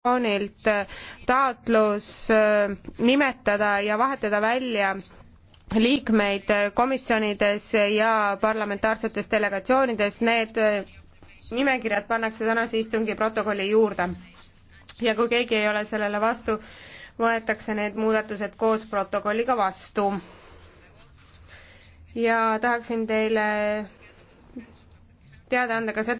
fraktsioonilt äh, taotlus äh, nimetada ja vahetada välja liikmeid äh, komisjonides ja parlamentaarsetes delegatsioonides, need nimekirjad pannakse tänase istungi protokolli juurde. ja kui keegi ei ole sellele vastu, võetakse need muudatused koos protokolliga vastu. ja tahaksin teile teada anda ka seda,